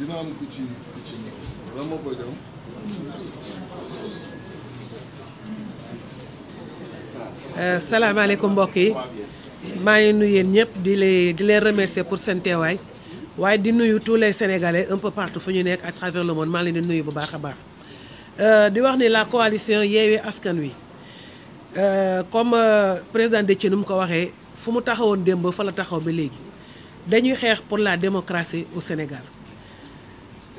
dina am ku ci ku ci ñëw la ma koy dem euh, salaamaaleykum mbokk yi maa ngi ñëpp di leen di leen remercier pour seen teewaay waaye di nuyu tous les sénégalais un peu partout fu ñu nekk à travers le monde maa ngi leen di nuyu bu baax a baax. Euh, di wax ni la coalition Yewwi Askan Wi euh, comme président de nu mu ko waxee fu mu taxawoon démb fa la taxaw ba léegi dañuy xeex pour la démocratie au Sénégal.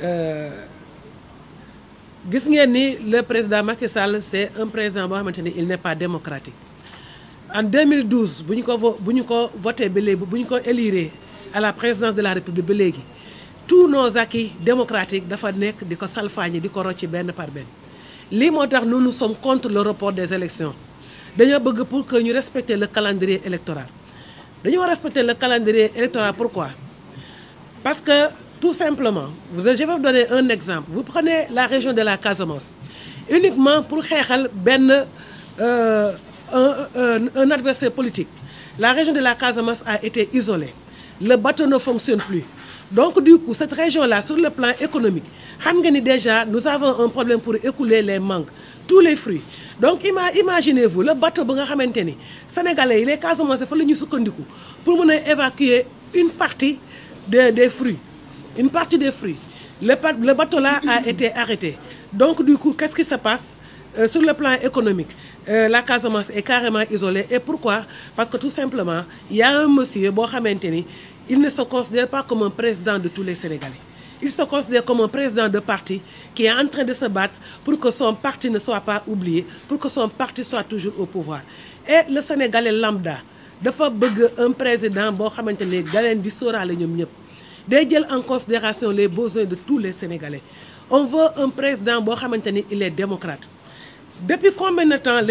Vous euh, le président Macky Sall C'est un président qui n'est il n'est pas démocratique en 2012 Quand on a voté à la présidence de la république tous nos acquis démocratiques dafa de di par Ben. nous nous sommes contre le report des élections Nous bëgg pour que nous respecter le calendrier électoral respecter le calendrier électoral pourquoi parce que. Tout simplement, vous, je vais vous donner un exemple. Vous prenez la région de la Casamance, uniquement pour ben, un, adversaire politique. La région de la Casamance a été isolée. Le bateau ne fonctionne plus. Donc, du coup, cette région-là, sur le plan économique, déjà, nous avons un problème pour écouler les mangues, tous les fruits. Donc, imaginez-vous, le bateau, les Sénégalais, les Casamance, il faut les pour évacuer une partie des fruits une partie des fruits. Le, bateau-là a été arrêté. Donc, du coup, qu'est-ce qui se passe euh, sur le plan économique, euh, la Casamance est carrément isolée. Et pourquoi Parce que tout simplement, il y a un monsieur, il ne se considère pas comme un président de tous les Sénégalais. Il se considère comme un président de parti qui est en train de se battre pour que son parti ne soit pas oublié, pour que son parti soit toujours au pouvoir. Et le Sénégalais lambda, de faire un président, Bohamenteni, Galen se le on en considération les besoins de tous les Sénégalais on veut un président il est démocrate depuis combien de temps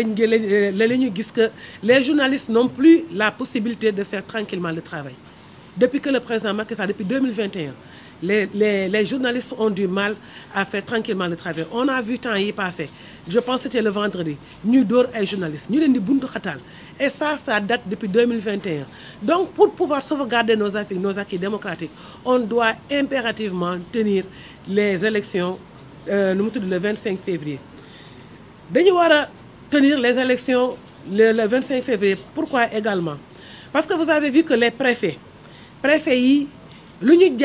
les journalistes n'ont plus la possibilité de faire tranquillement le travail depuis que le président Macky ça depuis 2021 les, les, journalistes ont du mal à faire tranquillement le travail. On a vu temps y passer. Je pense que c'était le vendredi. Nous d'or et journalistes. Nous Et ça, ça date depuis 2021. Donc, pour pouvoir sauvegarder nos acquis, nos acquis démocratiques, on doit impérativement tenir les élections euh, le 25 février. Nous devons tenir les élections le, 25 février. Pourquoi également Parce que vous avez vu que les préfets, préfets, l'unique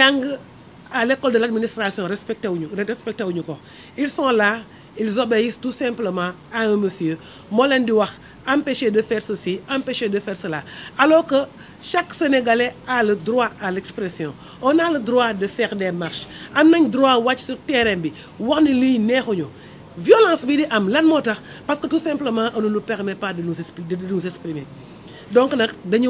à l'école de l'administration respectez-nous. ils sont là ils obéissent tout simplement à un monsieur Molin leen empêcher de faire ceci empêcher de faire cela alors que chaque sénégalais a le droit à l'expression on a le droit de faire des marches On a le droit wàcc sur terrain bi wax ni violence bi am lan parce que tout simplement on ne nous permet pas de nous exprimer de nous exprimer donc nak dañu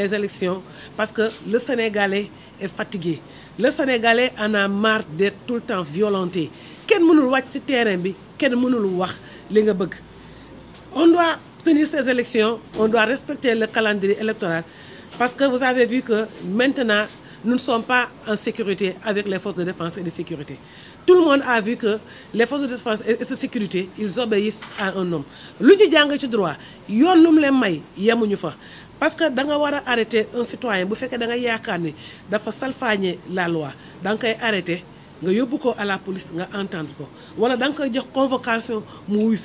les élections parce que le sénégalais est fatigué le sénégalais en a marre d'être tout le temps violenté Quel mënul ou ci terrain bi kenn mënul moune li nga on doit tenir ces élections on doit respecter le calendrier électoral parce que vous avez vu que maintenant nous ne sommes pas en sécurité avec les forces de défense et de sécurité tout le monde a vu que les forces de défense et de sécurité ils obéissent à un homme lu ñu ci droit homme lu may parce que da nga arrêter un citoyen bu fekkee da nga dafa la loi da arrêter nga yóbbu ko à la police nga entendre ko wala da jox convocation mu wuy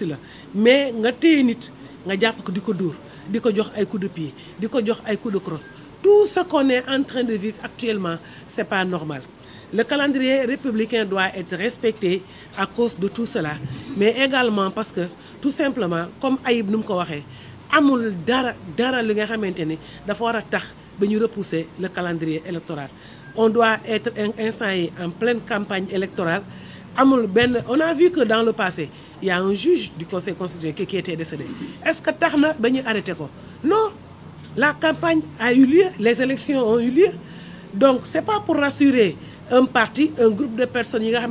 mais nga téye nit nga japp ko diko dur, diko jox ay coup de pied diko jox ay coup de crosse tout ce qu'on est en train de vivre actuellement c'est pas normal le calendrier républicain doit être respecté à cause de tout cela mais également parce que tout simplement comme Ayib num ko amul dara dara li nga ne dafa war repousser le calendrier électoral on doit être instant en pleine campagne électorale amul Ben on a vu que dans le passé il y a un juge du conseil constitutionnel qui était décédé est-ce que tax na ba arrêté non la campagne a eu lieu les élections ont eu lieu donc c'est pas pour rassurer un parti un groupe de personnes yi nga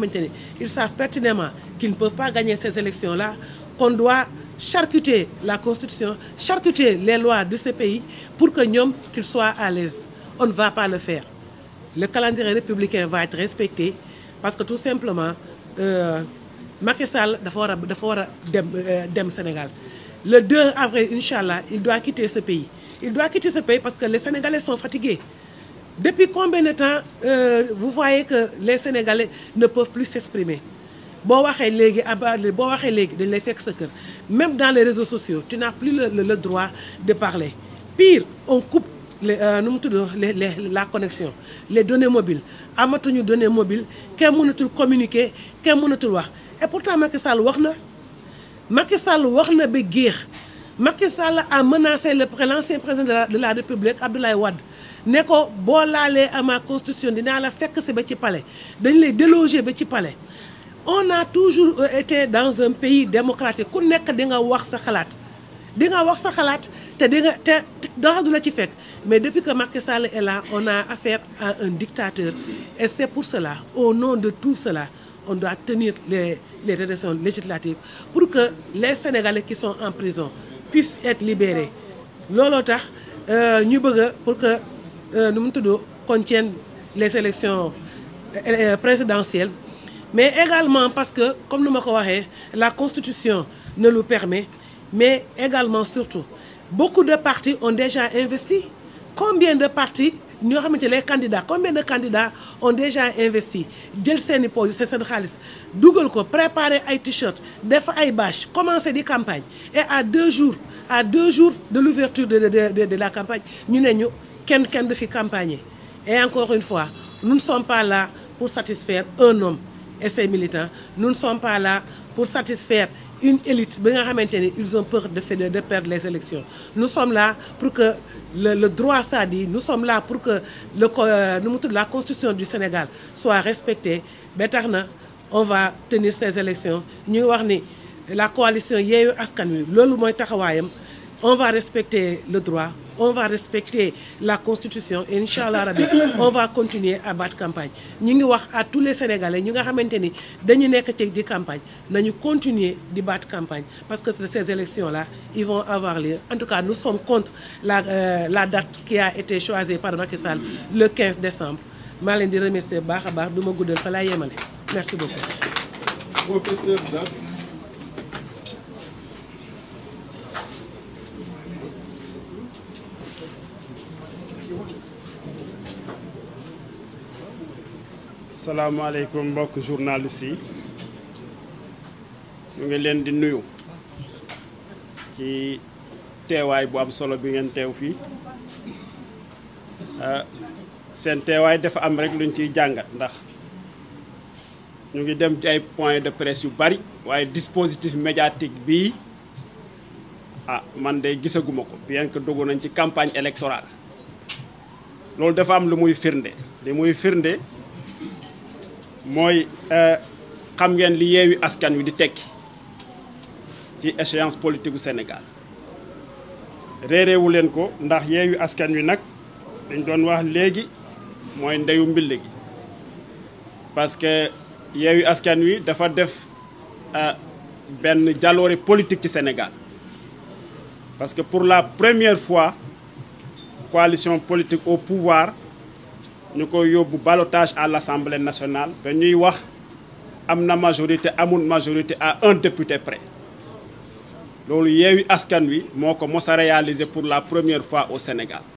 ils savent pertinemment qu'ils ne peuvent pas gagner ces élections là qu'on doit charcuter la Constitution, charcuter les lois de ce pays pour que nous qu'ils soient à l'aise. On ne va pas le faire. Le calendrier républicain va être respecté parce que tout simplement, euh, Macky Sall euh, dem Sénégal. Le 2 avril, Inch'Allah, il doit quitter ce pays. Il doit quitter ce pays parce que les Sénégalais sont fatigués. Depuis combien de temps euh, vous voyez que les Sénégalais ne peuvent plus s'exprimer boo waxee léegi aba ah, boo waxee léegi dañ lay fekk sa même dans les réseaux sociaux tu n'as plus le, le, le droit de parler pire on coupe les euh, nu mu les les la connexion les données mobiles amatuñu données mobiles kenn mënatul communiquer kenn mënatul wax et pourtant Macky Sall wax Macky Sall wax na Macky Sall a menacé le l'ancien président de la de la République Abdoulaye Wade neko ko boo laalee constitution dina la fekk si ba ci palais dañ lay déloger ba ci palais on a toujours euh, été dans un pays démocratique ku nek di nga wax sa di mais depuis que Macky Sall est là on a affaire à un dictateur et c'est pour cela au nom de tout cela on doit tenir les élections législatives pour que les Sénégalais qui sont en prison puissent être libérés Lolo tax euh, ñu pour que nous euh, nous les élections présidentielles mais également parce que comme nous le dit, la constitution ne le permet mais également surtout beaucoup de partis ont déjà investi combien de partis nous avons mis les candidats combien de candidats ont déjà investi jël seeni poche seen préparer ay t-shirt def ay commencer des campagnes. et à deux jours à deux jours de l'ouverture de la campagne nous n'avons qu'un et encore une fois nous ne sommes pas là pour satisfaire un homme et ses militants. Nous ne sommes pas là pour satisfaire une élite. Ils ont peur de, perdre les élections. Nous sommes là pour que le, droit ça dit, nous sommes là pour que euh, la constitution du Sénégal soit respectée. Maintenant, on va tenir ces élections. Nous la coalition Yeyu on va respecter le droit, on va respecter la constitution inch'Allah on va continuer à battre campagne Nous ngi à tous les sénégalais ñi nga xamante dañu ci di campagne continuer di battre campagne parce que ces élections là ils vont avoir lieu en tout cas nous sommes contre la euh, date qui a été choisie par Macky le 15 décembre di remercier baax merci beaucoup Assalamualaikum mbokk journaliste yi ñu ngi leen di nuyu ci téway bu am solo bi ngeen fi euh ah, seen téway dafa am rek luñ ci jàngat ndax ñu ngi dem ci ay point de presse yu bari waaye dispositif médiatique bi ah man de gisaguma ko bien que dugg nañ ci campagne électorale loolu dafa am lu muy firnde li muy firnde mooy euh, xam ngeen li yeewi askan wi di tekki ci échéance politique du Sénégal réeréewu leen ko ndax yeewi askan wi nak dañ doon wax légui moy ndeyu mbill gi parce que yeewi askan wi dafa def euh, ben jàlloore politique ci Sénégal parce que pour la première fois coalition politique au pouvoir nous eu un balotage à l'Assemblée nationale Nous avons wax une majorité majorité à un député près loolu a eu Wi mais on commence a réaliser pour la première fois au Sénégal